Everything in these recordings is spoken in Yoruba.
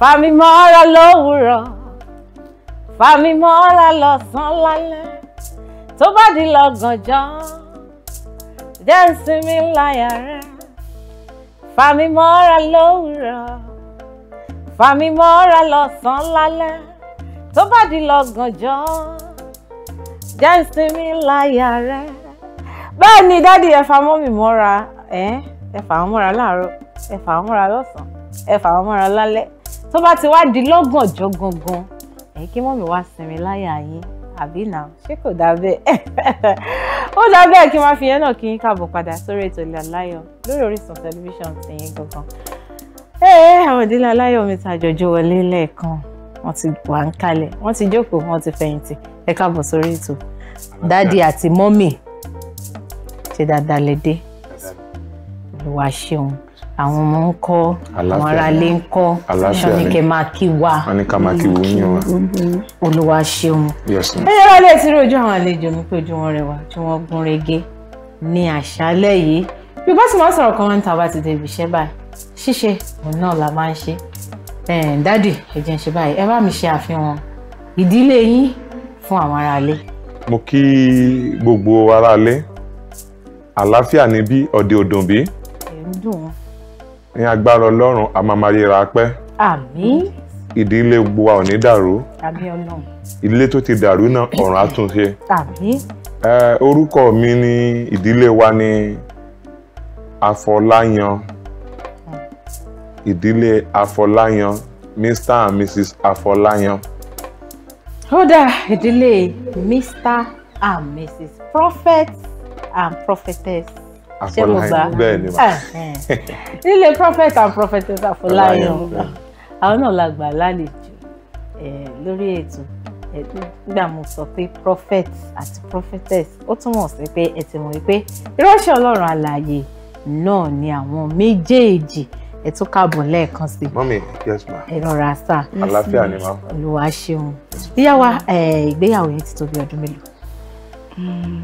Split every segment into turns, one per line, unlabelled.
fami mọ́ra lówùúrọ̀ fami mọ́ra lọ́sàn lálẹ́ tó bá di lọ́gànjọ́ jẹ́ ń sinmi láyà rẹ̀ fami mọ́ra lówùúrọ̀ fami mọ́ra lọ́sàn lálẹ́ tó bá di lọ́gànjọ́ jẹ́ ń sinmi láyà rẹ̀ bẹ́ẹ̀ ni dádì ẹ fà mọ́mì mọ́ra ẹ fà wọ́n mọ́ra láàárọ̀ ẹ fà wọ́n mọ́ra lọ́sàn ẹ fà wọ́n mọ́ra lálẹ́ tó bá ti wá di lọ́gànjọ́ gangan ẹ̀ kí mọ́mí wá sinmi láyà yín àbí nà ṣé kò dá bẹ́ẹ̀ ó dá bẹ́ẹ̀ kí n máa fi yẹn náà kí yín káàbọ̀ padà sórí ètò Ilé Aláyọ̀ lórí Orísun tẹlifíṣàn tiyín gangan ee àwọn ìdílé aláyọ̀ mi ta jọjọ wọlé lẹ́ẹ̀kan wọ́n ti wà ń kalẹ̀ wọ́n ti jókòó wọ́n ti fẹ̀yìntì ẹ káàbọ̀ sórí ètò dáàdi àti mọ́mì ṣe dáadáa lè dé ìwà ṣeun àwọn ọmọ ń kọ́ àwọn aráalé ń kọ́ sọ ni kẹ máa kí wa wọn ni ká máa kí wo yín wa olúwa ṣeun ẹyẹ wá lè ti rojú àwọn àlejò mi pé ojú wọn rẹwà tí wọn gún régé ní àṣálẹ́ yìí bí bá sì máa sọ̀rọ̀ kan wọn ń ta bá ti débi iṣẹ́ báyìí ṣíṣe òun náà la máa ń ṣe dádì ẹ ń ṣe báyìí ẹ bá mi ṣe àfihàn ìdílé yín fún àwọn aráalé.
mo kí gbogbo aráalé àlàáfíà níbí ọ̀dẹ̀ òdòǹbí. ẹ̀ ń dùn wọn ní agbára ọlọ́run a máa máa ríra pẹ́. àmín. ìdílé gbogbo wa ò ní dàrú. àmín ọlọ́run. ilé tó ti dàrú náà ọ̀run á tún ṣe. àmín. orúkọ mi ní ìdílé wa ní Afọláyan ìdílé Afọláyan Mr and Mrs Afọláyan.
ó dáa ìdílé Mr and Mrs Prophet and Prophetess.
Afọláyàn
bẹ́ẹ̀ ni mà. nílé prophet and prophetess Afọláyàn àwọn náà la gbà lálejò lórí ètò nígbà mo sọ pé prophet àti prophetess ó túmọ̀ sí pé ẹ ti mọ̀ wípé ìránṣẹ́ Ọlọ́run àlàyé náà ni àwọn méjèèjì ẹ tún káàbọ̀ lẹ́ẹ̀kan sí. mọ́mí yes ma. ẹ rọra sá. àlàáfíà ni màá. olùwà ṣeun. wa ìgbéyàwó yẹn ti tó bí ọdún mélòó. Hmm,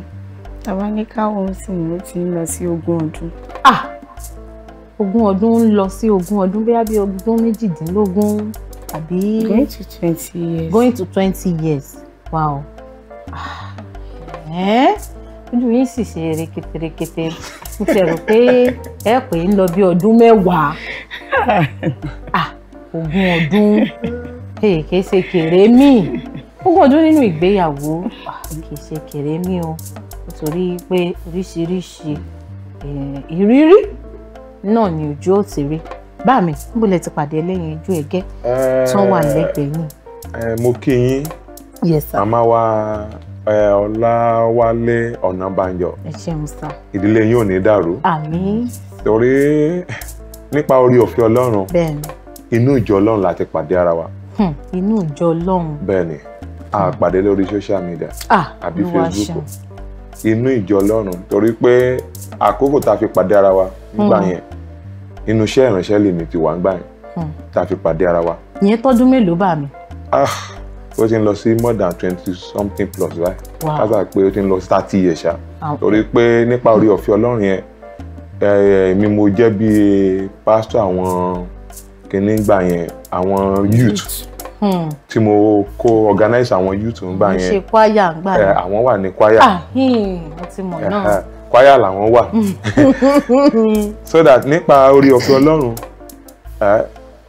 tàwa ní káwọn sìn ó ti ń lọ sí ogún ọdún. Ah! ogún ọdún ń lọ sí ogún ọdún bí bí ogún méjìdínlógún àbí. going to twenty years. going to twenty years wow. Ah, eh? ojú yín sì ṣe reketerekete mo ti rò pé ẹ pè é lọ bí ọdún mẹ́wàá ah, ogún ọdún eh, kì í ṣe kéré mi ogún ọdún nínú ìgbéyàwó kì í ṣe kéré mi o. Ah, nítorí pé oríṣiríṣi eh, ìrírí náà ni ojú ò ti rí bá mi níbo lẹ ti pàdé ẹlẹ́yin ojú ẹ̀gẹ́
eh, tó wà lẹ́gbẹ̀ẹ́ yìí. Eh, mo kí yín yes sir màmá wa ọláwálé ọ̀nàbànjọ ẹ ṣeun sá ìdílé yín ò ní dàrú
àmín
torí nípa orí òfin ọlọ́run bẹ́ẹ̀ni inú ìjọ ọlọ́run la ti pàdé ara wa.
Hmm, inú ìjọ ọlọ́run
bẹ́ẹ̀ni a pàdé lórí social media ah, àbí facebook inú ìjọ Ọlọ́run torí pé àkókò tá a fi pàdé ara wa nígbà hmm. yẹn inú iṣẹ́ ìránṣẹ́ lèmi ti wà ń gbà yẹn hmm. tá a fi pàdé ara wa.
ìyẹn tọ́dún mélòó bá mi. ah
ó ti ń lọ sí more than twenty something plus right. wow kábà pé ó ti ń lọ sí thirty years ṣá. Ah, torí pé nípa orí ọ̀fẹ́ Ọlọ́run yẹn èmi mo jẹ́ bíi pásítọ̀ àwọn kìnnìgbà yẹn àwọn youth Hmm. tí mo kó organize àwọn youth ń gbà yẹn ṣe
kwaya ń gbà eh, yẹn
àwọn wà ní kwaya ah,
hmm. mo ti mọ̀
kwaya eh, eh, làwọn wà
hmm.
so that nípa orí ọ̀fẹ́ ọlọ́run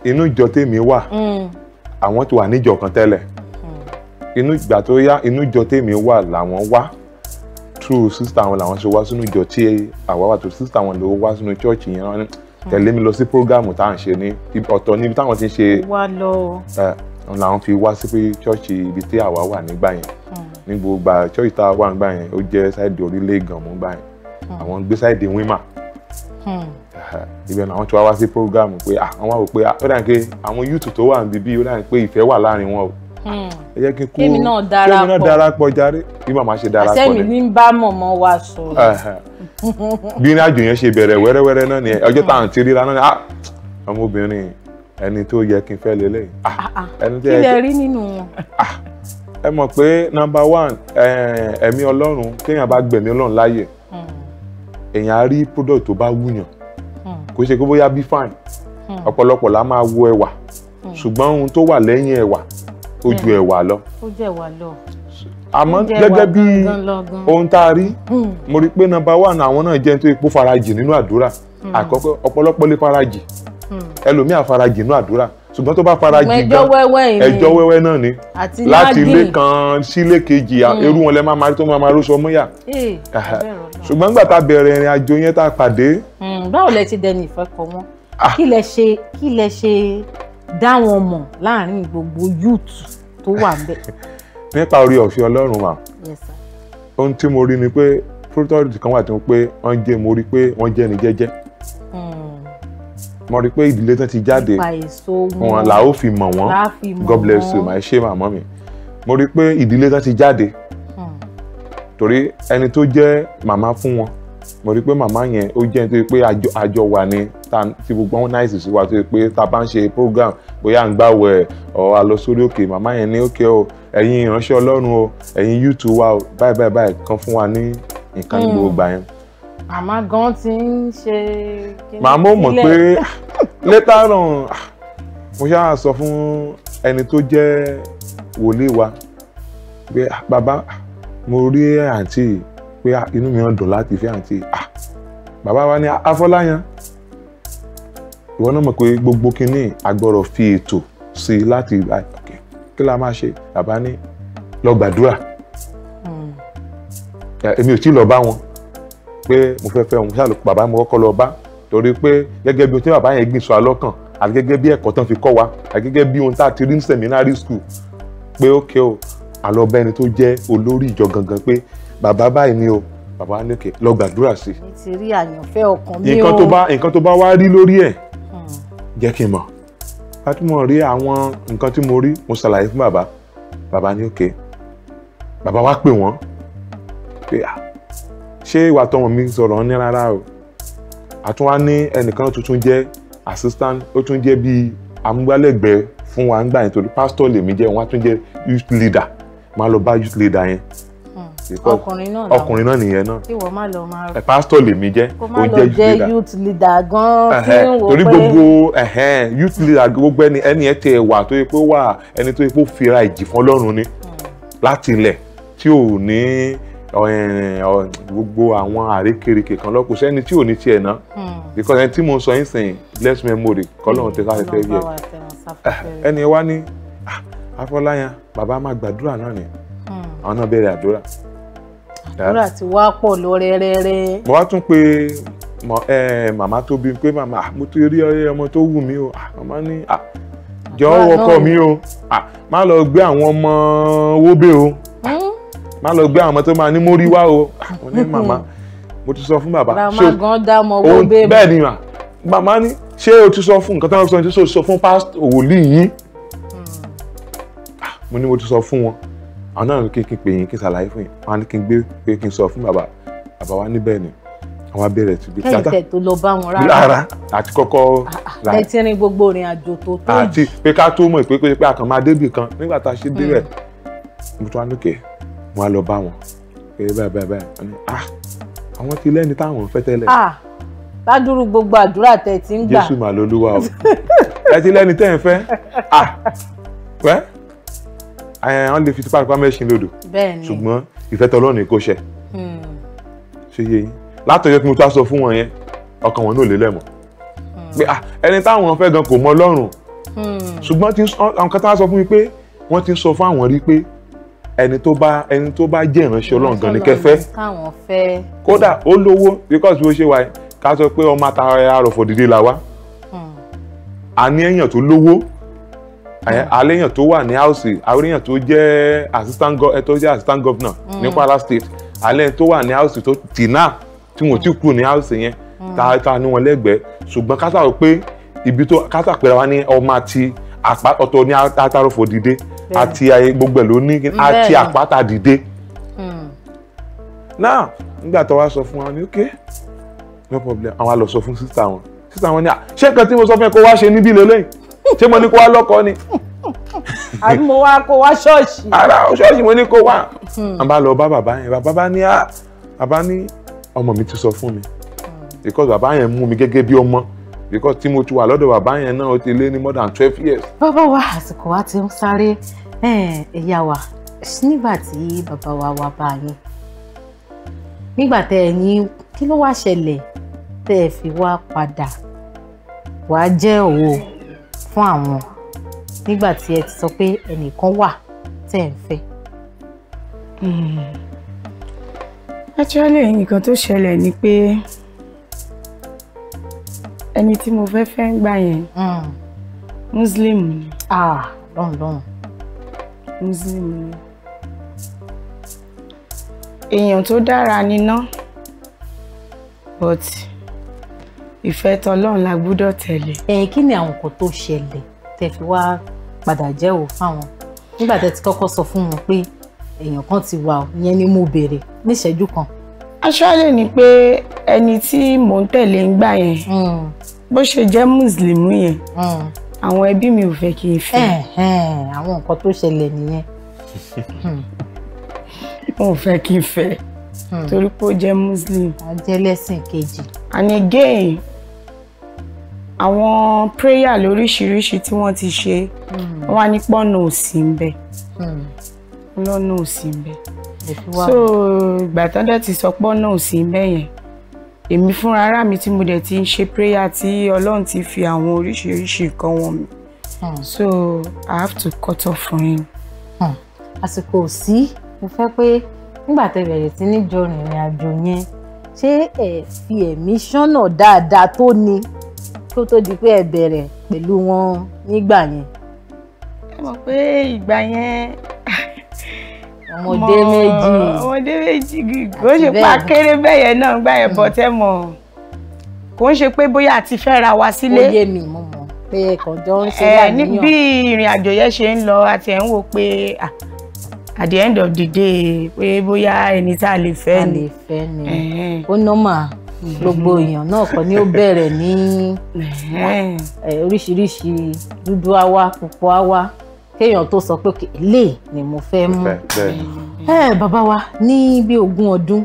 inú ìjọ tèmi wà àwọn ti wà níjọ kan tẹ́lẹ̀ inú ìgbà tó yá inú ìjọ tèmi wà làwọn wá true sister àwọn làwọn ṣe wá sínú ìjọ tí àwa wà tó sister àwọn ló wá sínú church yẹn wọn ni tẹ̀lé mi lọ sí program tá à ń ṣe ní ọ̀tọ̀ níbi táwọn ti ń
ṣe
làwọn fi wá sí pé ṣọ́ọ̀ṣì ibi tí àwa wà nígbà yẹn hmm. ní gbogbo ṣọ́ọ̀ṣì tá a wà nígbà yẹn ó jẹ́ sáìdì orílẹ̀ ìgànmú gbà yẹn hmm. àwọn gbé sáìdì wímà hmm. ibẹ̀ làwọn tí wọ́n wá sí prógámù pé àwọn wá wò pé ó dàn pé àwọn yúùtù tó wà níbí ó dàn pé ìfẹ́ wà láàrin wọn o ẹ jẹ́ kí n kú kémi náà náà darapọ̀ járe bí màmá ṣe darapọ̀ ni àṣẹ
mi ní bá mọ̀mọ́ wa sọ.
bí irin àjò yẹn ṣe bẹ̀rẹ̀ wẹ́rẹ́wẹ́rẹ́ náà ni ọjọ́ táwọn ti ríra náà ni ọmọbìnrin ẹni tó yẹ kí n fẹ́ lélẹ̀ yìí. Ah, ah, ah. ẹni tó yẹ kí lè rí nínú wọn. ẹ mọ̀ pé number one ẹ̀mí ọlọ́run kéèyàn bá gbẹ̀mí ọlọ́run láàyè hmm. èèyàn á rí product tó bá wúyàn hmm. kò ṣe kó bóyá bí fine hmm. ọ̀pọ̀lọpọ̀ la máa wo ẹwà ṣùgbọ́n ohun tó wà lẹ́yìn ẹwà ó ju ẹwà lọ.
ó jẹ́ ẹwà lọ.
àmọ́ gẹ́gẹ́ bí ohun tá a rí mo rí pé number one àwọn náà jẹ́ nítorí pé farajì nínú àdúrà àkọ́kọ́ ọ̀pọ̀lọpọ̀ lè farajì. Hmm. ẹlòmíà fara jìnnú àdúrà ṣùgbọ́n tó bá fara jì gan ẹjọ́ wẹ́wẹ́ náà ni láti ilé kan sílé kejì hmm. irú wọn lẹ máa ma tó máa ma róṣọ múyà eh, ṣùgbọ́n nígbà tá a bẹ̀rẹ̀ ìrìn àjò yẹn tá a pàdé.
Hmm, báwo lẹ ti dẹni ìfẹ́ kọ mọ́ ah. kí lẹ ṣe kí lẹ ṣe dá wọn mọ̀ láàrin gbogbo yúùtù tó wà ń bẹ̀.
nípa orí ọ̀fẹ́ ọlọ́run mà ohun tí mo rí ni pé protocol kan wà tí wọ́n pé wọ́n jẹ́ mo rí pé wọ́n jẹ́ ni jẹ́jẹ́ mo rí i pé ìdílé tán ti jáde wọn là ó fi mọ̀ wọ́n God bless you My shame, màmá mi mo rí i pé ìdílé tán ti jáde hmm. torí ẹni tó jẹ́ màmá fún wọn mo rí i pé màmá yẹn ó jẹ́ nítorí pé àjọ wà ní tí gbogbo wọn náà sì sí wa tó yẹ pé tá bá ń ṣe program bóyá à ń gbàwẹ̀ ọ̀ a lọ sórí òkè màmá yẹn ní òkè o ẹ̀yin ìránṣẹ́ Ọlọ́run o ẹ̀yin YouTube wa o báyìí báyìí báyìí kan fún wa ní nǹkan ní hmm. gbogbo gbà yẹn
màmá gan ti ń ṣe.
màmá ò mọ̀ pé
later on mo ṣáà sọ fún ẹni tó jẹ́ wòlíì wa pé ah, bàbá mo rí àǹtí pé ah, inú mi ń dùn láti fẹ́ àǹtí ah, bàbá wa ní Afọláyan ìwọ náà mọ̀ pé gbogbo kínní agbọ́rọ̀ fi ètò sí i láti kí la máa ṣe bàbá ní lọ gbàdúrà hmm. èmi ò tí ì lọ bá wọn pé mo fẹ́ fẹ́ òun ṣáà ló bàbá mo kọ́kọ́ lọ bá torí pé gẹ́gẹ́ bí ohun tí bàbá yẹn gbìn sọ alọ́kàn àti gẹ́gẹ́ bí ẹ̀kọ́ tán fi kọ́ wa àti gẹ́gẹ́ bí ohun tá a ti rí ní seminary school pé ókè o àlọ́bẹ̀ ẹni tó jẹ́ olórí ìjọ gangan pé bàbá báyìí ni o bàbá lókè lọ gbàdúrà sí. mo
ti rí àyànfẹ́ ọkàn mi
o. nǹkan tó bá wá rí lórí ẹ̀ hmm. jẹ́ kí n mọ̀ láti mọ̀ rí àwọn nǹkan tí mo rí mo ṣàlàyé fún bàbá bàbá ní òkè bàbá wá pè wọ́n pé ah ṣé ìwà tọmọ mi sọ̀rọ̀ ní rárá o àtún wá ní ẹnìkan tuntun jẹ́ assistant ó tún jẹ́ bíi amúgbálẹ́gbẹ̀ẹ́ fún wa ń yẹn torí pastor lèmi jẹ́ wọn á tún jẹ́ youth leader máa lọ bá youth leader yẹn hmm. ọkùnrin
náà ọkùnrin náà nìyẹn náà ìwọ má lọ máa rẹ pásítọ̀ lèmi
jẹ́ ó jẹ́ youth leader
youth leader gan tí ń wò pé torí gbogbo
youth leader gbogbo ẹni ẹni ẹ tẹ wà tó yẹ pé ó wà ẹni tó yẹ pé ó fira ìjì fún Ọlọ́run ni hmm. láti ilẹ̀ tí ò ní gbogbo àwọn àrékèrèkè kan lọ́kùn sẹ́ni tí ò ní tiẹ̀ ná hmm. because ẹni tí mo sọ yín sìn less memory kọ́lọ́run tẹ káfẹ́ fẹ́ yẹ ah, ẹni wá ní ah, Afọláyan bàbá máa gbàdúrà náà ni hmm. àwọn náà bẹ̀rẹ̀ àdúrà. àdúrà ti
wá pọ̀ lọ rẹ́rẹ́rẹ́.
mo wá tún pé màmá tó bí pé màmá ah, mo ti rí ọmọ tó wù mí o màmá ní jọ̀ọ́ ọkọ mi o má lọ gbé àwọn ọmọ wóbè má lọ gbé àwọn ọmọ tó máa ní mórí wá o ah, mo ní màmá mo ti sọ fún bàbá
ṣé o bẹ́ẹ̀
ni màmá ní ṣé o ti sọ fún nǹkan tó ń sọ ní ṣé o sọ fún pásítọ̀ òwòlí yìí hmm. ah, mo ní mo ti sọ fún wọn àwọn náà kí n pè yín kí n ṣàlàyé fún yín wọn ní kí n gbé pé kí n sọ fún bàbá bàbá wa níbẹ̀ ni àwọn abẹ́rẹ́ ti bí tíátà kẹ́yìn
tó lọ bá wọn rárá rárá
àti kọ́kọ́ rà ah, ẹ ti
gbogbo ìrìn àjò tó tó yìí
àti pé ká tó mọ̀ pé pé a kàn kan nígbà tá a ṣe débẹ̀ hmm. mo tún wá lókè wọ́n á lọ bá wọn pé báyìí báyìí báyìí wọ́n ní ah àwọn ti lẹ́ni táwọn fẹ́ tẹ́lẹ̀. ah
ládùúrú gbogbo àdúrà tẹ̀ ti ń gbà. jésù
mà lolúwa o ẹ ti lẹ́ni tẹ́ ẹ fẹ́ ah wẹ́ àwọn lè fi tipátipá mẹ́sìn lódò ṣùgbọ́n ìfẹ́ tọ́lọ́run ni kò ṣẹ hmm. ṣe yé yín látọjọ́ tí mo tún á sọ fún wọn yẹn ọkàn wọn náà lè lẹmọ hmm. pé ah, ẹni táwọn fẹ́ gan kò mọ Ọlọ́run hmm. ṣùgbọ́n àwọn kan tá a sọ fún mi pé wọ́n ti sọ fún àwọn rí pé ẹni tó bá ẹni tó bá jẹ́ ìránṣẹ́ ọlọ́run gan ni kẹfẹ́ kódà ó lówó because bó ṣe wà ká sọ pé ọmọ àtàrà àròfò dídí la wá hmm. a ní èèyàn tó lówó àléèyàn hmm. tó wà ní house àléèyàn tó jẹ́ assistant tó jẹ́ assistant governor hmm. ní Kwara state àléèyàn tó wà ní house tó tìǹà tí wọ́n ti kú ní house yẹn tààtà ní wọn lẹ́gbẹ̀ẹ́ ṣùgbọ́n ká sọ pé ibi tó ká sọ pé ra wa ní ọmọ àti ọ̀tọ̀ ní àtàròfò dídí àti gbogbo ẹ̀ ló ní àti àpáta dìde hmm. náà nígbà tó wá sọ fún wa ni ok no problem àwọn á lọ sọ fún sísá wọn sísá wọn ni ah, ṣé nǹkan tí mo sọ fún ẹ kó wá ṣe níbí lélẹ́yìn ṣé mo ní kó wá lọ́kọ ni. àbí mo wá kó wá ṣọ́ọ̀ṣì. ara ṣọ́ọ̀ṣì mo ní kó wá. Hmm. a bá lọ bá bàbá yẹn bàbá bá ní ah, bàbá ní ọmọ mi ti sọ fún mi hmm. because bàbá yẹn mú mi gẹ́gẹ́ bí ọmọ because tí mo ti wà lọ́dọ̀ bàbá yẹn náà ó ti lé ní more than twelve years.
bàbá wa àsìkò wa ti ń sáré ẹ̀yà wa nígbà tí bàbá wa wá bá yín nígbà tẹ ẹ ní kí ló wá ṣẹlẹ̀ tẹ ẹ fi wá padà wá jẹ́ òwò fún àwọn nígbà tí ẹ ti sọ pé ẹnìkan wà tẹ ẹ ń hmm.
actually nǹkan tó ṣẹlẹ̀ ni pé ẹni tí mo fẹ́ fẹ́ ń gbà yẹn hmm. muslim ni. ah lọ́n lọ́n. muslim ni. èèyàn tó dára ni ná but ìfẹ́ tọlọ́run la gbúdọ̀ tẹ̀lé. ẹ kí ni àwọn nǹkan tó ṣẹlẹ̀ tẹ fi wá
padà jẹ́wọ́ fáwọn nígbà tẹ ti kọ́kọ́ sọ fún wọn pé èèyàn kan ti wà ó ìyẹn ni mo
béèrè níṣẹ́jú kan. aṣáálẹ̀ ni pé ẹni tí mò ń tẹ̀lé ń gbà yẹn hmm bó ṣe jẹ́ mùsùlùmí yẹn hmm. àwọn ẹbí mi ò fẹ́ kí n fẹ́. àwọn nǹkan tó ṣẹlẹ̀ nìyẹn. wọn hmm. ò fẹ́ kí n fẹ́ hmm. torí pé ó jẹ́ muslim. a jẹ́ lẹ́sìn kejì. and again àwọn prayer lóríṣiríṣi tí wọ́n ti ṣe wọ́n á ní pọ́nà òsì ń bẹ lọ́nà òsì ń bẹ so ìgbà tán dẹ̀ ti sọ pọ́nà òsì ń bẹ yẹn èmi fúnra ara mi tí mo dẹ̀ ti ń ṣe prayer tí ọlọ́run ti fi àwọn oríṣiríṣi nǹkan wọn mi hmm. so i have to cut off from hmm. him. àsìkò sí mo fẹ́ pé
nígbà tẹ́ bẹ̀rẹ̀ sí ní jọ rìnrìn àjò yẹn ṣé ẹ fi ẹ̀mí ṣọ́nà dáadáa tó ni kó tó di pé ẹ bẹ̀rẹ̀ pẹ̀lú wọn nígbà yẹn.
ẹ mọ̀ pé ìgbà yẹn ọmọdé méjì ọmọdé méjì kò ṣe pa kéré bẹ́yẹn náà gbà yẹn bọ́ tẹ́ hmm. mọ̀ kò ń ṣe pé bóyá àti fẹ́ ra wa sílé. ó yé mi mo mọ̀ pé ẹ̀kan jọ ń ṣe àníyàn. bí ìrìn àjò yẹn ṣe ń lọ àti ẹ̀ ń wò pé at the end of the day pé bóyá ẹni tá a lè fẹ́ ni. a lè fẹ́ ni ó nọ́mà gbogbo hmm. èèyàn náà kọ́ ni ó
bẹ̀rẹ̀ ní oríṣiríṣi dúdú àwa pupa àwa kéèyàn tó sọ pé lè ni mo fẹ́ mú ẹ bàbá wa ní bí ogún ọdún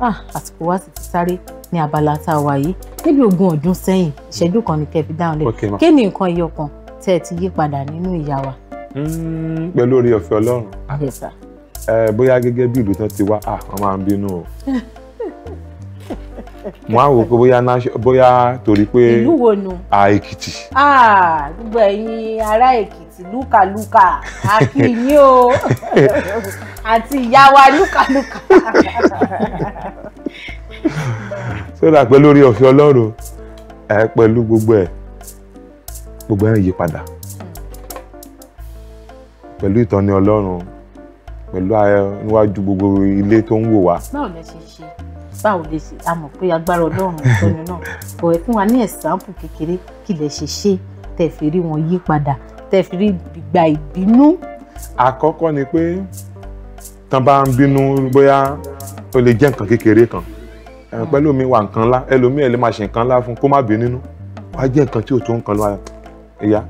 àsìkò wa sì ti sáré ní abala tá a wà yìí níbi ogún ọdún sẹ́yìn ìṣẹ́jú kan ni kẹfì dáhùn lẹ kí ni nǹkan iye ọkàn tẹ ẹ ti yí padà nínú ìyá wa.
Hmm, pẹ̀lú orí ọ̀fẹ́ ọlọ́run ah, bóyá gẹ́gẹ́ bí ìlú tán ti wá wọ́n máa ń bínú o mo á wò pé bóyá bóyá torí pé ìlú wo nu. Èkìtì.
Ah, gbogbo ẹ̀yin ará Èkìtì lúkàlúkà àkì yín o àti ìyá wa lúkàlúkà.
sódà pé lórí ọ̀fẹ́ ọlọ́run ẹ pẹ̀lú gbogbo ẹ̀ gbogbo ẹ̀ yí padà pẹ̀lú ìtọ́ni ọlọ́run pẹ̀lú níwájú gbogbo ilé tó ń wò wá. báwo
lẹ ṣe ṣe báwo lè ṣe a mọ̀ pé agbára ọlọ́run ìtọ́ni náà bọ̀ ẹ fún wa ní ẹ̀sánpù kékeré kí lẹ ṣe ṣe tẹ̀ rí wọn yí padà tẹ́ fi rí gbà ìbínú.
àkọ́kọ́ ni pé tán bá ń bínú bóyá ó lè jẹ́ nǹkan kékeré kan hmm. pẹ̀lú mi wà nǹkan ńlá ẹlòmíì ẹ̀ lè máa ṣe nǹkan ńlá fún kó má bínú nínú wàá jẹ́ nǹkan tí ò tó nǹkan lọ́wọ́ ẹ̀yà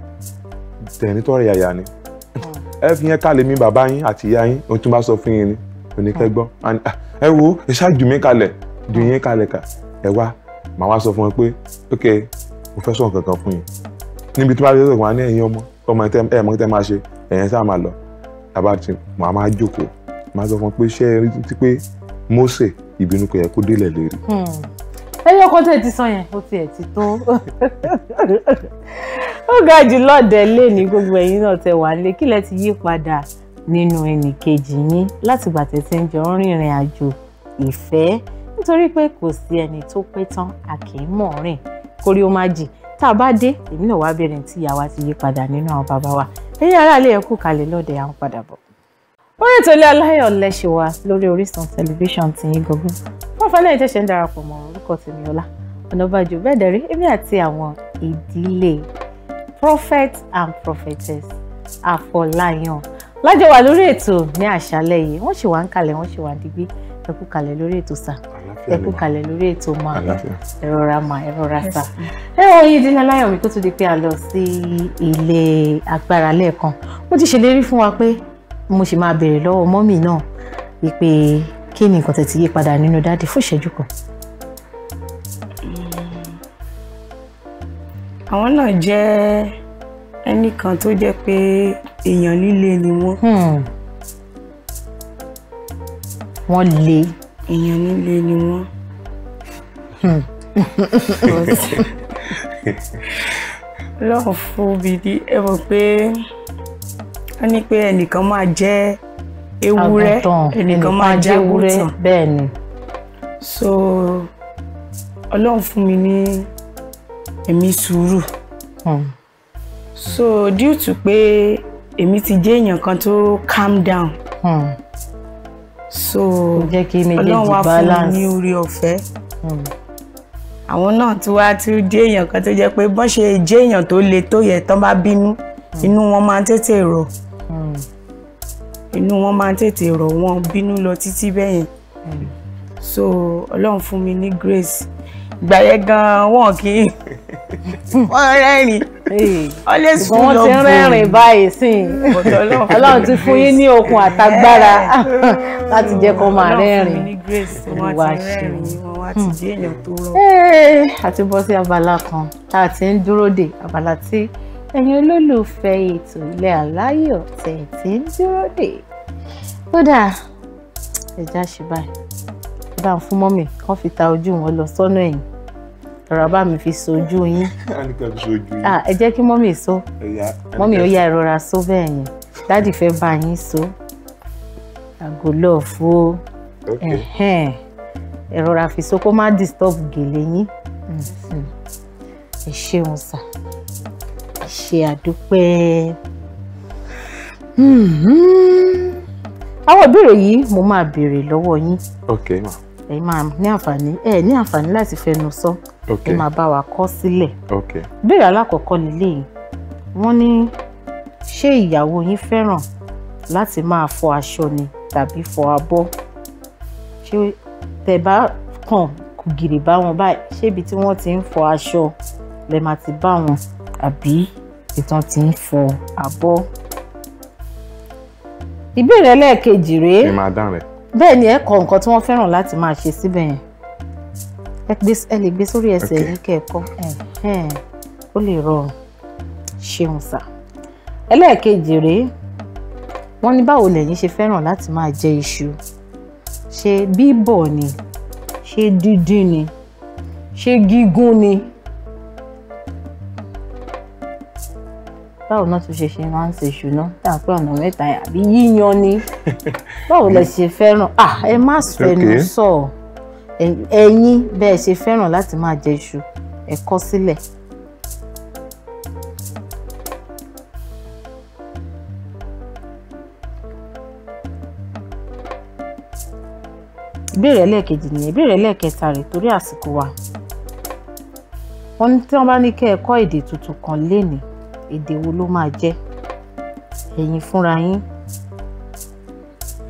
tẹ̀rín tọ́rẹ̀ yàyà ni hmm. ẹ fi yẹn kálẹ̀ mi bàbá yín àti ìyá yín ohun tí mo bá sọ fún yín ni oníkẹ́gbọ́n hmm. ẹ wo ẹ ṣáàjù mi kalẹ̀ ju yín kalẹ̀ kà ẹ wá màá wá sọ fún wọn pé ok mo fẹ́ sọ nǹkan kan fún yín níbi tí wọ́n bá fẹ́ sọ fún wa ní ẹ̀yin ọmọ ọmọ ẹ mọ tẹ máa ṣe ẹ̀yẹn sáà máa lọ abájí màá máa jókòó máa sọ fún pé ṣé ẹ rí ti pé Mósè ìbínú kò yẹ kó délẹ̀ lérí.
Hmm. ẹyọ kan tẹ̀ ti sọ yẹn ó tiẹ̀ ti tó ó ga jù lọ́ọ̀dẹ̀ lé ní gbogbo ẹ̀yin náà tẹ wà lé kílẹ̀ ti yí padà nínú ẹnì kejì yín látìgbà tẹ̀sí ń jọ ń rìnrìn àjò ìfẹ́ nítorí pé kò sí ẹni tó pé tán a kì kórí ó má jì tá a bá dé èmi náà wá bẹ̀rẹ̀ tí ìyá wa ti yí padà nínú àwọn bàbá wa ẹ̀yin aráàlú ẹ kú kalẹ̀ lọ́dẹ̀ àwọn padà bọ̀. orí ètò Ilé Aláyọ̀ lẹ́ṣẹ̀ wa lórí Orísun tẹlifíṣàn ti yín gọ́gùn fún ọ̀fẹ́ lẹ́yìn tẹ̀sẹ̀ ń darapọ̀ mọ́ orúkọ tèmi Ọlá Ọ̀nàbàjọ́ bẹ́ẹ̀ dẹ̀rí èmi àti àwọn ìdílé prophet and prophetess Afọláyàn lájọ wà lórí ètò ní àṣálẹ́ yìí wọ́n sì wá ń kalẹ̀ wọ́n sì wá ń digbí ẹ kú kalẹ̀ lórí ètò sáà ẹ kú kalẹ̀ lórí ètò máa ẹ rọra máa ẹ rọra sà ẹ wọ yìí dínlẹ láyọ̀ mi kó tó di pé a lọ sí ilé agbára lẹ́ẹ̀kan mo ti ṣèlérí fún wa pé mo sì máa béèrè lọ́wọ́ mọ́mì náà wípé kí ni nǹkan tẹ̀tí yí padà nínú dáàdì fún ìṣẹ́jú kan. Hmm.
àwọn náà jẹ́ ẹnìkan tó jẹ́ pé èèyàn líle ni wọ́n. Hmm. wọ́n le èèyàn nílé ni wọ́n. lọ́ọ̀ fún mi ní ẹ mọ̀ pé wọ́n ní pé ẹnìkan máa jẹ́ ewúrẹ́ ẹnìkan máa jẹ́ àgùntàn bẹ́ẹ̀ ni. so ọlọ́run fún mi ní ẹ̀mí sùúrù. Hmm. so due to pé èmi ti jẹ́ èèyàn kan tó calm down. Hmm so ọlọ́run wá fún mi ní orí ọ̀fẹ́ hmm. àwọn náà tí wàá ti jẹ́ èèyàn kan tó jẹ́ pé bọ́n ṣe jẹ́ èèyàn tó le tó yẹ tán bá bínú hmm. inú wọn máa tètè rọ̀ hmm. inú wọn máa tètè rọ̀ wọn bínú lọ títí bẹ́yẹn so ọlọ́run fún mi ní grace gbà yẹn gan wọn kì í wọn rẹ́rìn ọlẹ sùn lọ bù wọn ti rẹ́rìn báyìí
sí Ọlọ́run ti fún yín ní okun àtagbára láti jẹ́ kó máa rẹ́rìn
ìwà ṣe
àti bọ́ sí abala kan tá a ti ń dúró dè abala tí ẹ̀yin olólùfẹ́ ètò ilé aláyọ̀ tẹ̀ ti ń dúró dè kódà ẹ̀já ṣe báyìí dáhùn fún mọ́mì kán fi ta ojú wọn lọ sọ́nà ẹ̀yìn rọra bá mi fi sojú yín ah, ẹ jẹ́ kí mọ́mì so mọ́mì ó yá ìrora so bẹ́ẹ̀ yẹn dáàdì fẹ́ bá yín so àgò lọ́ọ̀fù
ó
ìrora fi so kó má disturb gèlè yín mhm. ẹ ṣeun sà ẹ ṣe àdúpẹ́. Mhm. àwọn ìbéèrè yìí mo máa béèrè lọ́wọ́ yín ẹ máa ní àǹfààní ẹ ní àǹfààní láti fẹnu sọ ẹ máa bá wa kọ sílẹ̀ béèrè alákọ̀ọ́kọ́ nílé yìí wọ́n ní ṣé ìyàwó yín fẹ́ràn láti máa fọ aṣọ ni tàbí fọ abọ́ ṣé tẹ́ bá kàn gìrì bá wọn báyìí ṣébi tí wọ́n ti ń fọ aṣọ lẹ máa ti bá wọn àbí ìtàn ti ń fọ abọ́. ìbéèrè ẹlẹ́ẹ̀kejì rèé. ìmọ̀ àdán rẹ̀ bẹ́ẹ̀ ni ẹ kọ nǹkan tí wọ́n fẹ́ràn láti máa ṣe síbẹ̀ yẹn ẹ lè gbé sórí ẹsẹ̀ yìí kẹ́ẹ̀kọ́ ó lè rọrùn ṣeun sà ẹlẹ́ẹ̀kejì rèé wọ́n ní báwo lẹ̀yin ṣe fẹ́ràn láti máa jẹ iṣu ṣé bíbọ̀ ni ṣé dídín ni ṣé gígún ni báwo náà tún ṣe ṣe máa ń ṣe ìṣúná tá a ń pé ọ̀nà mẹ́ta yẹn àbí yíyan ni báwo lẹ ṣe fẹ́ràn ah ẹ má fẹnu sọ ẹ̀yin bẹ́ẹ̀ ṣe fẹ́ràn láti máa jẹ iṣu ẹ kọ sílẹ̀. ìbéèrè ẹlẹ́ẹ̀kejì nìyẹn ìbéèrè ẹlẹ́ẹ̀kẹta rèé torí àsìkò wa wọ́n ní tí wọ́n bá ní kẹ́ ẹ kọ́ èdè tuntun kan lénìí èdè wo ló máa jẹ́ ẹ̀yin fúnra yín.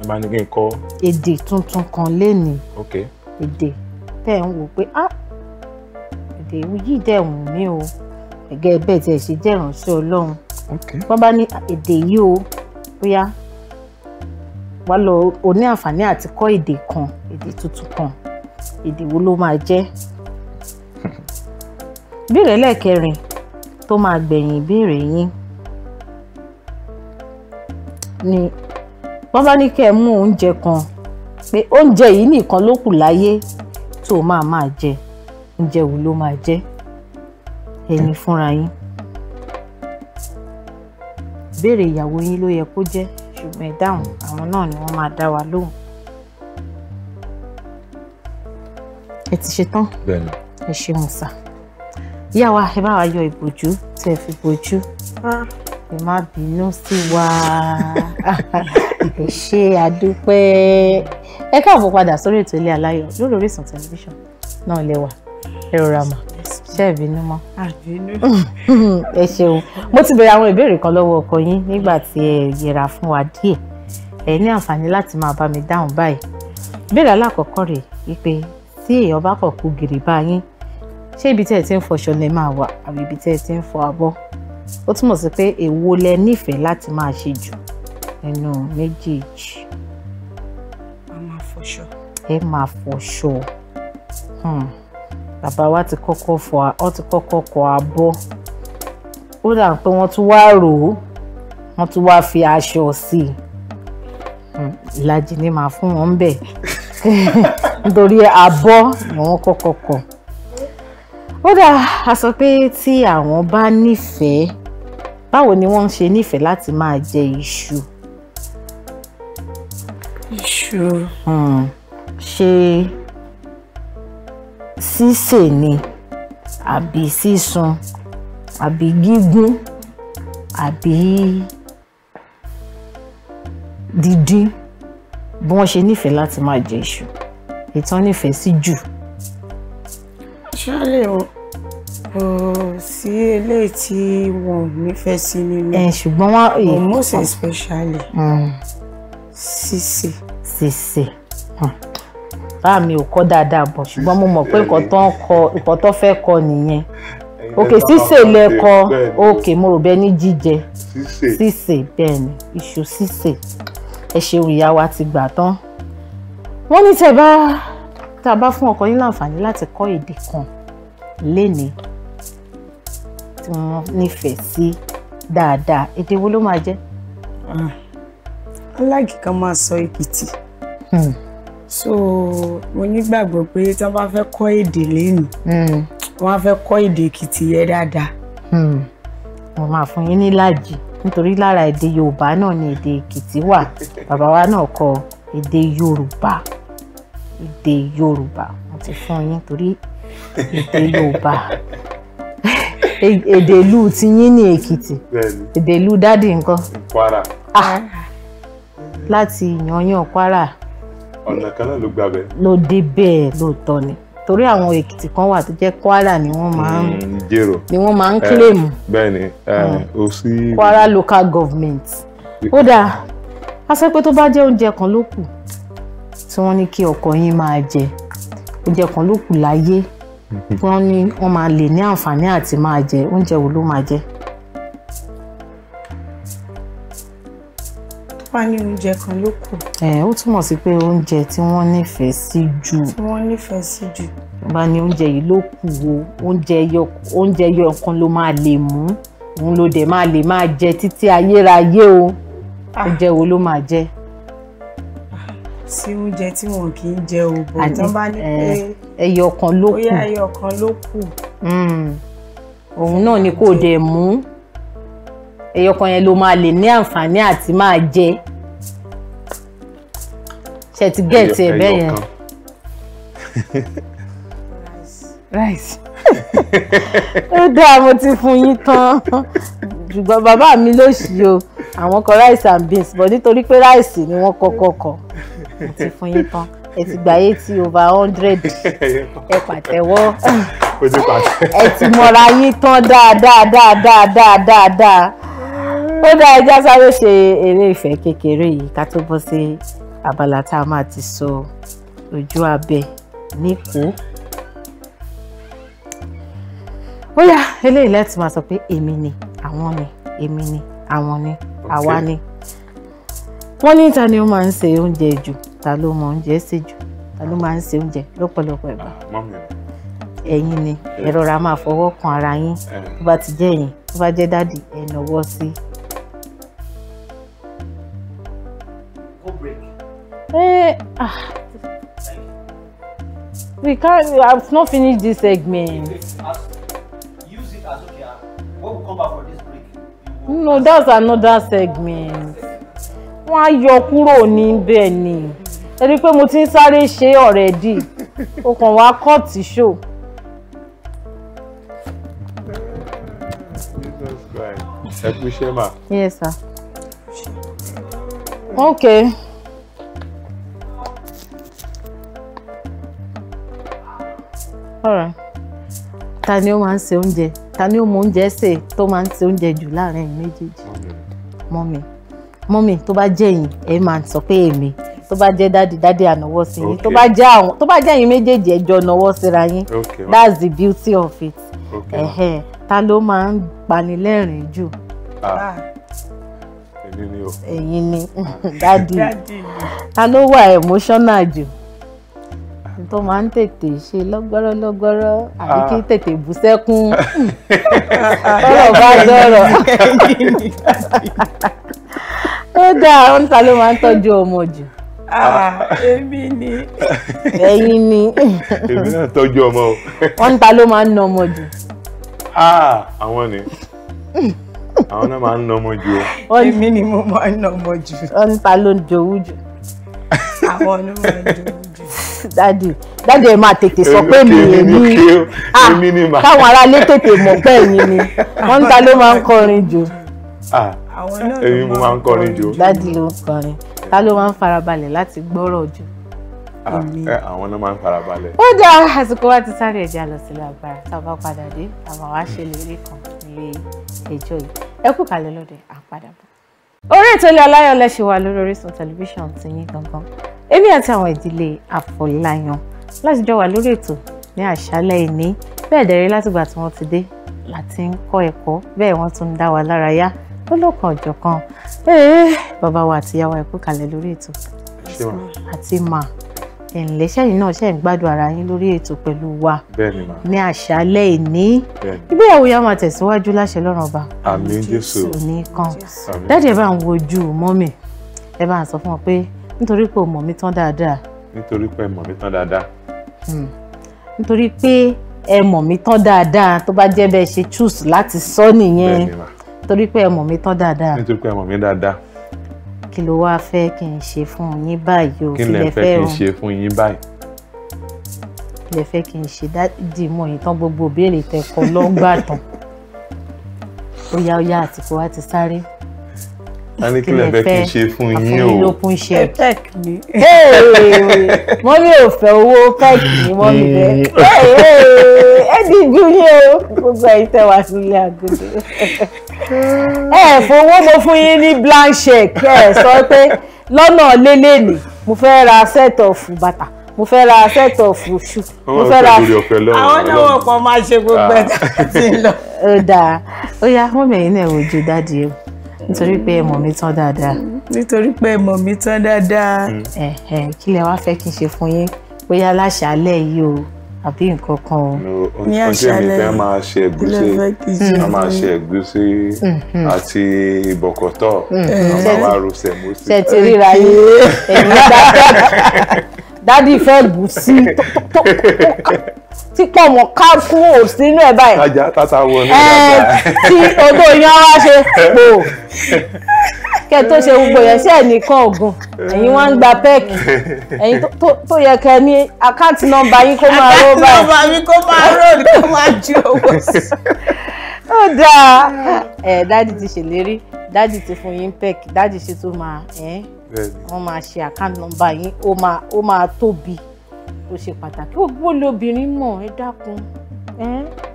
ẹ máa ní kí n kọ́.
èdè tuntun kan lénìí. èdè tẹ́ ń wò pé ah èdè yìí dẹ̀ wù mí o gẹ́gẹ́ bẹ́ẹ̀ tí ẹ ṣe jẹ́ ìránṣẹ́ Ọlọ́run. ok. wọ́n bá ní ah, èdè yìí o bóyá wàá lọ o ní àǹfààní àti kọ́ èdè kan èdè tuntun kan èdè wo ló máa jẹ́. ìbéèrè lẹ́ẹ̀kẹrin tó máa gbẹ̀yìn ìbéèrè yín ni wọ́n bá ní kẹ́ ẹ mú oúnjẹ kan pé oúnjẹ yìí nìkan ló kù láyé tó máa máa jẹ oúnjẹ wo ló máa jẹ ẹ̀yin fúnra yín ìbéèrè ìyàwó yín ló yẹ kó jẹ́ ṣùgbọ́n ẹ dáhùn àwọn náà ni wọ́n máa dá wa lóhùn. ẹ ti ṣetán ẹ ṣeun sáà. ìyá wa ẹ bá wa yọ ìbòjú tẹ fi bòjú ah. ẹ má bínú sí wa ẹ ṣe àdúpẹ́ ẹ káàbọ̀ padà sórí ètò ilé aláyọ̀ lórí Orísun tẹlifíṣàn náà lẹ́wà ẹ rọra mà ṣe ìbínú mọ́. àbínú. ẹ ṣeun mo ti bẹ̀rẹ̀ àwọn ìbéèrè kan lọ́wọ́ ọkọ yín nígbà tí ẹ yẹra fún wa díẹ̀ ẹ ní àǹfààní láti máa bá mi dáhùn báyìí ìbéèrè alákọ̀ọ́kọ́ rèé wípé tí èèyàn bá kọ̀ kú gìrì bá ṣé ibi tẹ́ ẹ ti ń fọṣọ lẹ máa wà àbí ibi tẹ́ ẹ ti ń fọ abọ́ ó túmọ̀ sí pé èwo lẹ nífẹ̀ẹ́ láti máa ṣe jù nínú méjèèjì. a máa fọṣọ. ẹ máa fọṣọ hmm. bàbá wa ti kọ́kọ́ fọ ọ ti kọ́kọ́ kọ abọ́ ó dà pé wọ́n tún wá rò ó wọ́n tún wá fi aṣọ sí i hmm. ìlàjì ni màá fún wọn bẹ́ẹ̀ nítorí abọ́ ni wọ́n kọ́kọ́ kọ̀ kódà a sọ pé tí àwọn bá nífẹ̀ẹ́ báwo ni wọ́n ń ṣe nífẹ̀ẹ́ láti máa jẹ iṣu. iṣu. Hmm. ṣe sísè ni àbí sísun àbí gígún àbí dídín bí wọ́n ṣe nífẹ̀ẹ́ láti máa jẹ iṣu ìtàn nífẹ̀ẹ́ sí jù.
ṣáà lè wọ sí eléyìí tí wọn ò nífẹ̀ẹ́ sí nínú. ẹ ṣùgbọ́n wọn. almost especially. Hmm. sise. sise hmm.
bá mi ò kọ́ dáadáa bọ̀ ṣùgbọ́n mo mọ̀ pé nǹkan tó fẹ́ kọ nìyẹn
òkè sísè lẹkọ òkè
mo rò bẹ́ẹ̀ ní jíjẹ sísè bẹ́ẹ̀ ni iṣu sísè ẹ ṣeun ìyá wa ti gbà tán wọ́n ní tẹ́ bá tá a bá fún ọkọ yín láǹfààní láti kọ́ èdè kan lénìí tí wọ́n nífẹ̀ẹ́ sí dáadáa èdè wo ló máa jẹ́.
aláàgì ah, kan máa sọ èkìtì hmm. so mo nígbàgbọ́ pé tí wọ́n bá fẹ́ kọ́ èdè lẹ́nu hmm. wọ́n á fẹ́ kọ́ èdè èkìtì yẹn dáadáa. wọ́n hmm. máa fún yín ní láàjì nítorí lára
èdè yorùbá náà ni èdè èkìtì wà bàbá wa náà kọ èdè yorùbá èdè yorùbá wọ́n ti fún yín torí èdè yorùbá èdè ìlú tiyín ní èkìtì èdè ìlú dádì nǹkan kwara ah. láti yanyan kwara
ọ̀nà kan náà ló gbà bẹ́ẹ̀.
ló dé bẹ́ẹ̀ lóòótọ́ ni torí àwọn èkìtì kan wà tó jẹ́ kwara ni wọ́n máa ń
mm, jèrò ni wọ́n máa ń kílèmù. Eh, bẹ́ẹ̀ni o eh, hmm. sí. kwara
local government ó dáa a sọ pé tó bá jẹ́ oúnjẹ kan ló kù tí wọ́n ní kí ọkọ yín máa jẹ oúnjẹ kan ló kù láyé wọ́n ní wọ́n máa lè ní àǹfààní àti máa jẹ oúnjẹ wo ló máa jẹ.
tó bá ní oúnjẹ kan ló kù.
ẹ ó túmọ̀ sí pé oúnjẹ tí wọ́n nífẹ̀ẹ́ sí jù.
tí wọ́n nífẹ̀ẹ́ sí jù.
bá ní oúnjẹ yìí ló kù o oúnjẹ yọ kan ló máa lè mú òun ló dẹ̀ máa lè máa jẹ títí ayérayé o ah. oúnjẹ wo ló máa jẹ. Ah
sí oúnjẹ tí wọn kì í jẹ o tán bá ní pé
ẹyọ kan ló kù bóyá
ẹyọ kan ló kù.
Hmm. òun náà ni kò dẹ̀ mú ẹyọ kan yẹn ló máa lè ní àǹfààní àti máa jẹ ṣe ti gẹ̀ẹ́tì ẹ̀ bẹ́ẹ̀ yẹn. rice ó dáa mo ti fún yín tán ṣùgbọ́n bàbá mi ló ṣí o àwọn kọ rice and beans but nítorí pé ráìsì ni wọ́n kọ́kọ́ kọ mo ti fún yín tán ẹ ti over hundred ẹ pàtẹ́wọ́
ẹ ti mọra yín
tán dáadáa dáadáa dáadáa dáa ó dá ẹja sáré ṣe eré ìfẹ́ kékeré yìí ká tó bọ́ sí abala tá a máa ti sọ ojú abẹ níkó. ó yá eléyìí lẹ́tì máa sọ pé èmi ni àwọn ni èmi ni àwọn ni àwa ni wọ́n ní ta ni ó máa ń ṣe oúnjẹ jù ta ló mọ oúnjẹ ṣe jù ta ló máa ń ṣe oúnjẹ lọ́pọ̀lọpọ̀ ìgbà ah, ẹ̀yin ni ẹ rọra máa fọwọ́ kan ara yín eh. tó bá ti jẹ́ ẹ̀yin tó bá jẹ́ dáàdì ẹ nọwọ́ sí. Eh, ah. We can't, I've not finished this segment.
Use it as okay. Ah, when we come back for this break.
No, that's another segment wọ́n á yọ kúrò níbẹ̀ ni ẹ rí i pé mo ti ń sáré ṣe ọ̀rẹ́dì o kàn wá kọ́ọ̀tì ṣò. ẹ yes sir. okay. all right. ta ni ó máa ń se oúnjẹ ta ni ó mọ oúnjẹ sè tó máa ń se oúnjẹ jù láàrin méjèèjì mọ́mi. Okay mọ́mì tó bá jẹ́ yín ẹ máa sọ pé èmi tó bá jẹ́ dáàdì dáàdì ànáwọ́ sí yín tó bá jẹ́ àwọn tó bá jẹ́ yín méjèèjì ẹjọ́ náwọ́ síra yín that's the beauty of it ẹ̀hẹ́n ta ló máa ń panilẹ́rìn jù.
Ah. Ah. èyí ni o. èyí ni dáàdì
ta ló wà emotional jù ah. tó máa ń tètè ṣe lọ́gọ́rọ́ lọ́gọ́rọ́ àbí kí tètè bú sẹ́kún ọ̀rọ̀ bá dọ̀rọ̀. ó dáa wọn ta ló máa ń tọ́jú ọmọ jù.
Ah, èmi ni. ẹ̀yin ni. èmi náà tọ́jú ọmọ o.
wọn ta ló máa ń nà ọmọ jù.
Ah, àwọn ni àwọn náà máa ń nà ọmọ jù
o. èmi ni mo máa ń nà ọmọ jù. wọn ta ló ń jowú jù. àwọn ni mo máa ń jowú jù. dádì dádì ẹ máa tètè sọ pé mi èmi
ah, káwọn aráalé
tètè mọ̀ pé ẹ̀yin ni wọn ta ló máa ń kọrin jù
èyí mo máa ń kọrin jù. dádì
ló ń kọrin ta ló máa ń farabalẹ̀ láti gbọ́rọ̀ jù. Ah, eh,
àwọn náà máa ń farabalẹ̀. ó
dá àsìkò wa ti sáré ẹ̀jẹ̀ àlọ́ sílẹ̀ agbára tá a bá padà dé àmọ́ wàá ṣe lérí kan nílé ẹjọ́ yìí ẹ kú kalẹ̀ lóde àpadàbọ̀. orí ètò ilé aláyọ̀ lẹ́sẹ̀ wa lórí Orísun tẹlifíṣàn ti yín gangan èmi àti àwọn ìdílé Afọláyan láti jọ wà lórí ètò ní àṣálẹ́ ìní bẹ́ẹ̀ dẹ̀rẹ́ látìgbà tí wọ́n ti dé láti ń kọ́ ẹ̀kọ́ bẹ́ẹ̀ wọ́n tún ń dá wa lára yá tó lọ́kàn ọ̀jọ̀kan bàbá wa àti ìyá wa ẹ̀kú kalẹ̀ lórí ètò àti mà ẹ̀ǹlẹ́ sẹ́yìn náà ṣe ń gbádùn ara yín lórí ètò pẹ̀lú wa ní àṣálẹ́ ìní ìgbéyàwó yà máa tẹ̀síwájú láṣẹ lọ́rùn ọba
àmín Jésù òní kan dáàdì ẹ bá
ń wojú mọ́mì ẹ bá ń sọ fún wọn pé nítorí pé o mọ̀ mí tán dáadáa
nítorí pé ẹ mọ̀ mí tán dáadáa hmm.
nítorí pé ẹ mọ̀ mí tán dáadáa tó bá jẹ́ bẹ́ẹ̀ ṣe choose láti sọ nìyẹn torí pé ẹ mọ̀ mi tán dáadáa.
nítorí pé ẹ mọ̀ mi dáadáa.
kí ló wáá fẹ́ kí n ṣe fún yín báyìí o kí lẹ fẹ́ kí n ṣe fún yín báyìí. kí lẹ fẹ́ kí n ṣe dáàdì mọ̀ yín tán gbogbo béèrè tẹ̀kọ́ lọ́gbàdàn ó yá ó yá àtìkú wa ti sáré
a ní kí lè fẹ́ kí n ṣe fún yín o àfọyínlókun
ṣe pẹ́ẹ̀kì ni wọ́n
ní òfẹ́ owó pẹ́ẹ̀kì ni wọ́n mi bẹ́ẹ̀ ẹ dìjú yín o gbogbo ẹ̀yin tẹ́ wá sílé àgọ́dẹ ẹ fowó mo fún yín ní
blank check ẹ sọ pé lọ́nà ni. mo fẹ́ ra set of bàtà mo fẹ́ ra set of shoe mo
fẹ́ ra àwọn náà wọ́n pọ̀ máa ṣe gbogbo ẹ̀ ah. tí ń lọ.
ó dáa ó yá wọ́n mẹ̀yìn náà wojú dáàdi ẹ̀ nítorí pé ẹ mọ̀ mi tán dáadáa.
nítorí pé ẹ mọ̀ mi tán dáadáa. ẹ ẹ kí lẹ wá fẹ́ kí n ṣe fún
yín bóyá láṣàálẹ̀ yìí o àbí nǹkan kan o. ní àṣálẹ́ ọjọ́ mi máa
ṣe ẹ̀gúsí a máa ṣe ẹ̀gúsí mm-hmm. àti ìbọ̀kọ̀tọ̀ mm-hmm. a máa wá ro sẹ̀músì. ṣètì
ríra yìí ẹ̀mí dáadáa dádì
fẹ́ ẹ̀gúsí tí pọ̀ mọ́ ká kúrò sínú ẹ̀ báyìí. ajá tata wọ ní ìlànà. tí odò yan wá ṣe pò.
kẹ́ tó ṣe gbogbo yẹn sí ẹnìkan ògùn ẹ̀yin wọ́n ń gba pẹ́ẹ̀kì ẹ̀yin tó yẹ kẹ́ ní àkáǹtì nọ́mbà yín kó máa ró báyìí àkáǹtì nọ́mbà mi kó máa ró ní kó máa
ju owó sí.
ó dáa ẹ dáàdì ti ṣèlérí dáàdì ti fún yín pẹ́ẹ̀kì dáàdì ṣe tó máa wọ́n máa ṣe àkáǹtì nọ́mbà yín ó máa tóbi ó ṣe pàtàkì owó lobìnrin mọ̀ ẹ dákun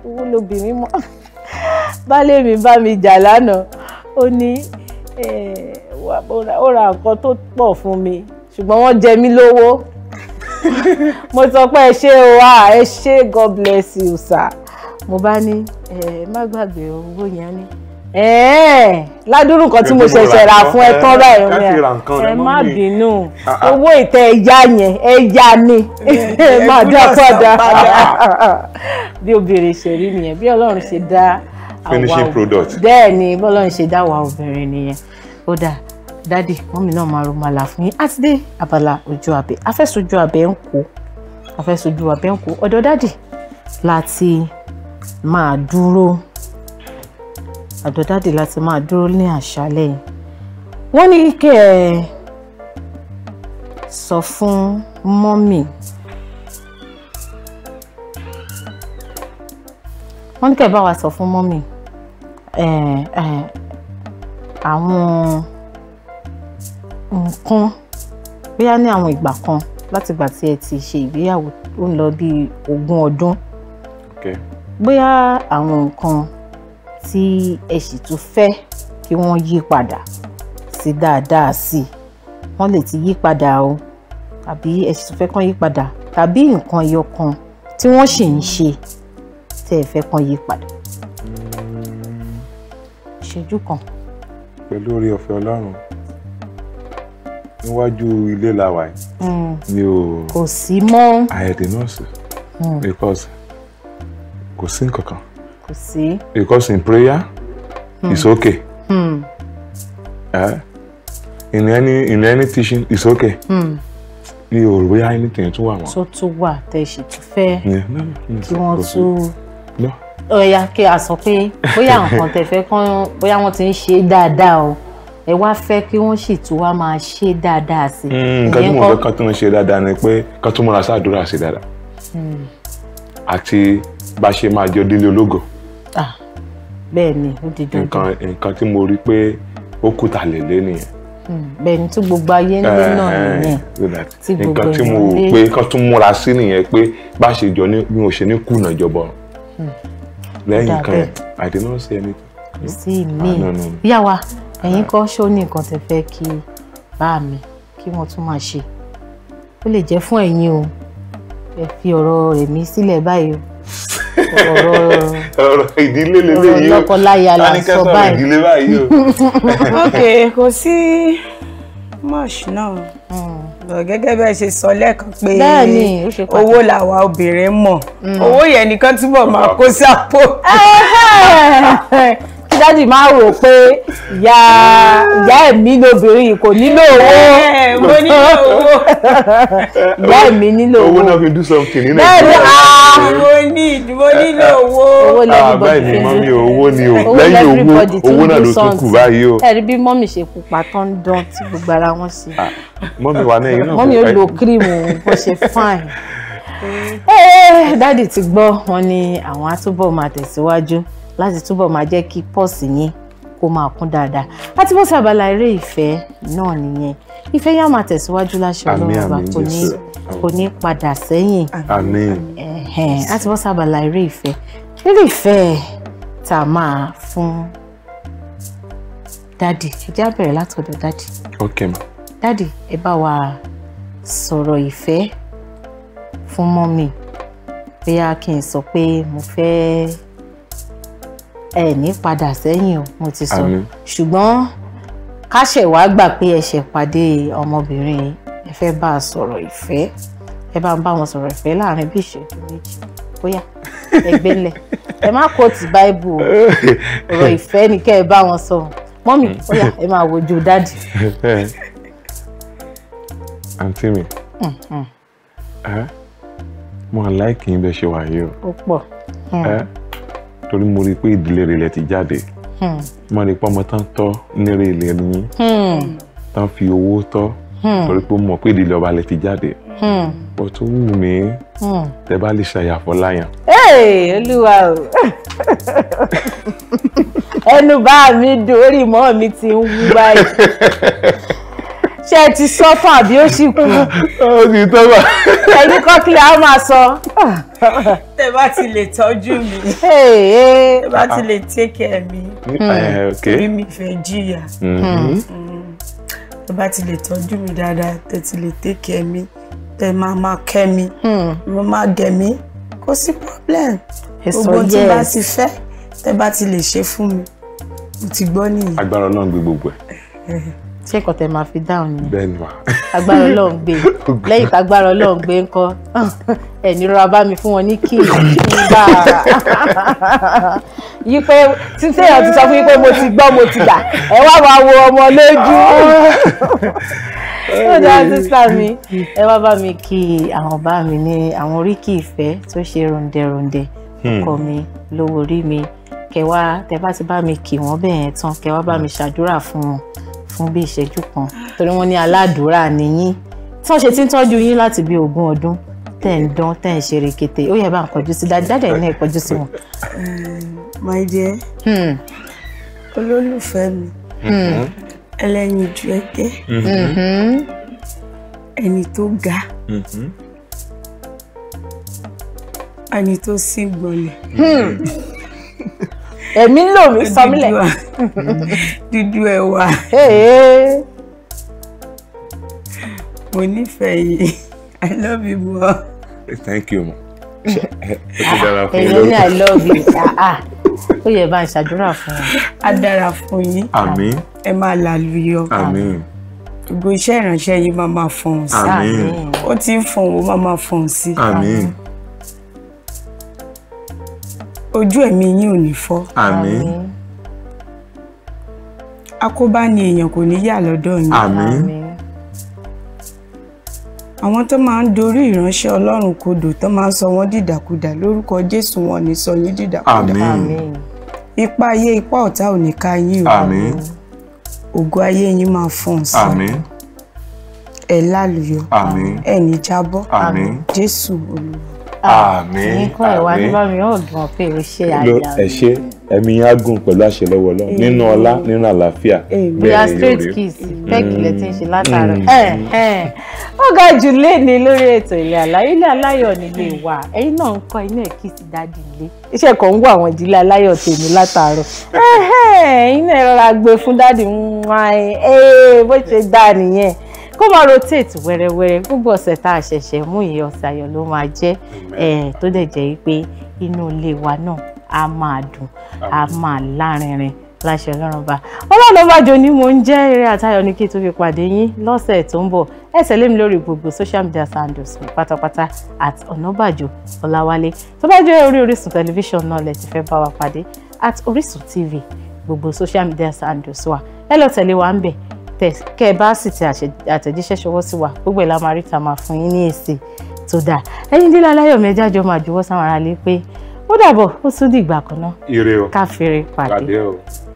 owó lobìnrin
mọ̀ bá mi bá mi jà lánàá ó ní
Eh, ó ra nǹkan tó pọ̀ fún mi ṣùgbọ́n wọ́n jẹ mí lówó mo sọ pé ẹ ṣé o ah ẹ ṣé god bless you sir mo bá ní ẹ má gbàgbé owó yẹn ni ládùúrù kan tí mo ṣẹ̀ṣẹ̀ rà fún ẹ tán báyìí ọmọ ẹ má bínú ah, ah. owó ìtẹ ẹja yẹn ẹja ni eh, eh, má dá padà bí obìnrin ṣe rí nìyẹn bí ọlọ́run ṣe dá
finishing product. bẹ́ẹ̀
ni bọ́lá ń ṣe dáwà obìnrin nìyẹn ó dà dádì mọ́mí náà máa romala fún yín àti dé abala ojú abẹ afẹ́sojú abẹ ń kó afẹ́sojú abẹ ń kó ọ̀dọ̀ dádì láti máa dúró ọ̀dọ̀ dádì láti máa dúró ní àṣálẹ́ yìí ní kẹ́ ẹ sọ fún mọ́mì. wọ́n ní kẹ́ ẹ bá wa sọ fún mọ́mì àwọn nǹkan bóyá ní àwọn ìgbà kan láti ìgbà tí ẹ ti ṣe ìgbéyàwó ó ń lọ bí ogún ọdún bóyá àwọn nǹkan tí ẹ sì tún fẹ́ kí wọ́n yí padà sí dáadáa sí wọ́n lè ti yí padà o àbí ẹ sì tún fẹ́ kán yí padà tàbí nǹkan ẹyọ kan tí wọ́n sì ń ṣe tẹ́ ẹ fẹ́ kàn yí padà. ìṣẹ́jú kan.
pẹ̀lú orí ọ̀fẹ́ ọlọ́run níwájú ilé la wà yìí. Hmm. mi ò kò sí mọ́. àyẹ̀dẹ̀ nọ́ọ̀sì hmm. because kò sí nǹkan kan. kò sí. because in prayer mm. it's okay. Mm. Uh, in any in any teaching it's okay. Mm mi ò rò bóyá anything tún wà wọn.
tó tún wà tẹ̀ sì tún fẹ́
kí wọ́n tún
ọ̀yà kí a sọ pé bóyá nǹkan tẹ́ fẹ́ kán bóyá wọ́n ti ń ṣe dáadáa o ẹ wá fẹ́ kí wọ́n sì tún wá máa ṣe dáadáa sí i. Hmm, nǹkan tí mo fẹ́ kán
tó ń ṣe dáadáa ni pé kán tó múra sáàdúrà sí dáadáa hmm. àti bá ṣe máa jọ délé ológo.
bẹ́ẹ̀ ni ó di dandan. nǹkan
nǹkan tí mo rí pé ó kú tà lélẹ́ nìyẹn.
Hmm, bẹ́ẹ̀ ni tí gbogbo ayé ń lé náà eh, nìyẹn.
Eh, nǹkan tí mo rò pé kán tún múra sí nìyẹn pé bá ṣe jọ ní mi kùnà ìjọba ọ̀run lẹ́yìn kan yẹn I did not say anything. kò sí mi
ìyá wa ah. ẹ̀yin kọ́ ṣó ní nǹkan tẹ́ fẹ́ kí bá mi kí wọ́n tún máa ṣe ó lè jẹ́ fún ẹ̀yin o ẹ fi ọ̀rọ̀ rẹ̀ mí sílẹ̀ báyìí
o ọ̀rọ̀ ìdílé lélẹ́yìí o ọ̀rọ̀ lọ́kọláya la sọ báyìí. ok
kò sí much náà. No. Mm gẹ́gẹ́ bẹ́ẹ̀ ṣe sọ lẹ́ẹ̀kan pé owó làwa obìnrin mọ̀ mm. owó yẹn nìkan túbọ̀ máa kó sápò. dádì máa rò pé ìyá ìyá
ẹ̀mí lóbìnrin kò nílò owó mo nílò owó ìyá ẹ̀mí nílò owó owó náà fi do something nínú ìlú
bẹ́ẹ̀ni ah. mo nílò owó owó lẹ́yìn ah,
bọ́ọ̀dì báyìí mọ́mí owó ni o lẹ́yìn owó owó náà ló tún kù báyìí o
ẹ̀rí bí mọ́mí ṣe pupa tán dán tí gbogbo ara wọn ṣe ah,
mọ́mí wa náà yìí náà mọ́mí ó lo kírìmù
bó ṣe fine eh, dáàdì ti gbọ́ wọn ni àwọn á túbọ̀ máa tẹ̀síwájú láti túbọ̀ máa jẹ́ kí pọ́ọ̀sì yín kó máa kún dáadáa àti bó sábàlá eré ìfẹ́ náà nìyẹn ìfẹ́ yà máa tẹ̀síwájú láṣẹ ọlọ́run ọba kò ní kò ní padà sẹ́yìn àti bó sábàlá eré ìfẹ́ eré ìfẹ́ tá a máa fún dádì ìjà bẹ̀rẹ̀ látọ̀dọ̀ dádì. ok ma. dádì ẹ bá wa sọ̀rọ̀ ìfẹ́ fún mọ́mì bóyá kí n sọ pé mo fẹ́. Fẹ́ ẹ ní padà sẹ́yìn o mo ti sọ ṣùgbọ́n káṣẹ̀wá gbà pé ẹ ṣẹ̀ pàdé ọmọbìnrin ẹ fẹ́ bá a sọ̀rọ̀ ìfẹ́ ẹ bá ń bá wọn sọ̀rọ̀ ìfẹ́ láàrin bí ìṣẹ́jú méjì bóyá ẹgbẹ́ lẹ̀ ẹ má kó ti báíbù o ọ̀rọ̀ ìfẹ́ ni kẹ́ ẹ bá wọn sọ mọ́mì hmm. bóyá ẹ máa wojú dáàdì.
àǹtí mi hmm, hmm. mo àláìkì yín bẹ́ẹ̀ ṣe wà yìí o. ó pọ̀ torí mo rí i pé ìdílé rẹ̀ ti jáde hmm. mo rí i pé ọmọ tán tọ́ lérè ilẹ̀ ni hmm. tán fi owó tọ́ hmm. torí pé mo mọ̀ pé ìdílé ọba lẹ̀ ti jáde bó tó wù mí tẹ bá lè ṣàyàfọ́ láyàn.
olúwa o
ẹnu bá mi dùn orí mọ́ mi ti ń wú báyìí. ṣé ẹ ti sọ fún àbí ó sì kú. ó sì tọ́ bá.
ẹ̀yin kan kí lè á máa
sọ. tẹ bá ti lè tọ́jú mi tẹ bá ti lè tẹ́kẹ̀ mi hmm. eh, torí mi fẹ́ jìyà hmm. Hmm. tẹ bá ti lè tọ́jú mi dáadáa tẹ ti lè tẹ́kẹ̀ mi tẹ máa máa kẹ́ mi mo máa gẹ̀ mí kò sí problem gbogbo tí bá ti fẹ́ tẹ bá ti lè ṣe fún mi mo ti gbọ́ nìyẹn.
agbára Ọlọ́run gbé gbogbo ẹ̀.
Eh, eh
ṣé nǹkan tẹ máa fi dáhùn ni. bẹ́ẹ̀ni wa. agbára Ọlọ́run gbé lẹ́yìn tí agbára Ọlọ́run gbé ń kọ ẹ ní rọra bá mi fún wọn ní kí nígbà yí pé títí èèyàn ti sọ fún yín pé mo ti gbọ́ mo ti gbà ẹ wá wá wo ọmọ lójú
ó dáa sísá mi
ẹ wá bá mi kí àwọn bá mi ní àwọn oríkì ìfẹ́ tó ṣe ròǹdẹ̀ròǹdẹ̀ hmm. ọkọ mi lówó orí mi kẹwàá tẹ bá ti bá mi kí wọn bẹ́ẹ̀ tán kẹwàá bá mi ṣàdúrà fún wọn fún bí ìṣẹ́jú kan torí wọ́n ní aládùúrà nìyín tí wọ́n ṣe ti ń tọ́jú yín láti bí ogún ọdún tẹ̀ ń dán tẹ̀ ń ṣe rekete ó yẹ bá ń kọjú sí dáadáa ẹ̀ náà kọjú sí wọn.
Eh, my dear hmm. olólùfẹ́ mi hmm. ẹlẹ́yinjú ẹ̀kẹ́ hmm. ẹni tó ga ẹni tó síngbọ̀nlẹ̀ ẹ̀mí lòmí sọmílẹ̀. dúdú ẹwà mo nífẹ̀ẹ́ yìí i love you more.
thank you ma ah, ó ti ní i love you ah, ah.
ó yẹ bá ń ṣàdúrà fún wa. a dára fún yín. àmín. ẹ máa làlùyọ. àmín. gbogbo iṣẹ́ ìránṣẹ́ yìí máa máa fọhùn sí. àmín. ó ti ń fọhùn ó máa máa fọhùn sí. àmín. ojú ẹ̀mí yín ò ní fọ́. àmín. àmín akóbá ni èèyàn kò ní yà lọ́dọ̀ yín. àmín. àwọn tó máa ń dorí ìránṣẹ́ ọlọ́run kodò tó máa ń sọ wọ́n dìdàkudà lórúkọ jésù wọn ní sọ yín dìdàkudà. àmín. ipa ayé ipa ọ̀tá ò ní ká yín o. àmín. ògo ayé yín máa fọ̀n sí. àmín. ẹ lálùyọ. àmín. ẹ ní jábọ́. àmín. jésù olúwa.
àmín. àmín. ìyíkọ́ ẹ̀ wá ní
mi yóò dùn ọ́ pé o ṣe àyà
mi ẹ̀mí yẹn á gùn pẹ̀lú àṣẹ lọ́wọ́ Ọlọ́run nínú ọlá nínú àlàáfíà bẹ́ẹ̀ ni yóò rí pẹ́ẹ̀kì lẹ ti ń
ṣe látara mm. ó ga jù léni lórí ètò ilé aláyọ̀ ilé aláyọ̀ nílé wa ẹ̀yin náà ń kọ́ iná èkìtì dáàdì ilé iṣẹ́ kan ń wọ àwọn ìdílé aláyọ̀ tèmi látàárọ̀ ẹ̀yin náà rọra gbé fún dáàdì eh, bó ṣe dá nìyẹn kó máa rotate wẹ́rẹ́wẹ́rẹ́ gbogbo ọ̀sẹ̀ tá a ṣẹ̀ṣẹ̀ mú ìyẹn ọ̀sẹ̀ ayọ̀ ló máa jẹ́ tó dẹ̀ jẹ́ pé inú ilé wa náà a máa dùn a máa lárinrin láṣẹ ọlọ́run bá ọlọ́run ló bá jọ ní mo ń jẹ́ eré àtayọ̀ ní kí n tó fi pàdé yín lọ́sẹ̀ tó ń bọ̀ ẹ tẹ̀lé mi lórí gbogbo social media handles mi pátápátá at ọ̀nàbàjò ọláwálé tó bá jẹ́ orí orísun tẹlifíṣàn náà lẹ ti fẹ́ bá wa pàdé at orísun tv gbogbo social media handles wa ẹ lọ tẹ̀lé wa ń bẹ̀ kẹ́ ẹ bá sì ti àtẹ̀jíṣẹ́ ṣọwọ́ sí wa gbogbo ẹ̀ la máa rí ta máa fún yín ní èsì tó dáa ẹ̀yin dílé aláyọ̀ máa juwọ́ sáwọn aráalé pé ó dàbọ̀ ó tún dìgbà kan náà
ire o ká fèrè pàdé.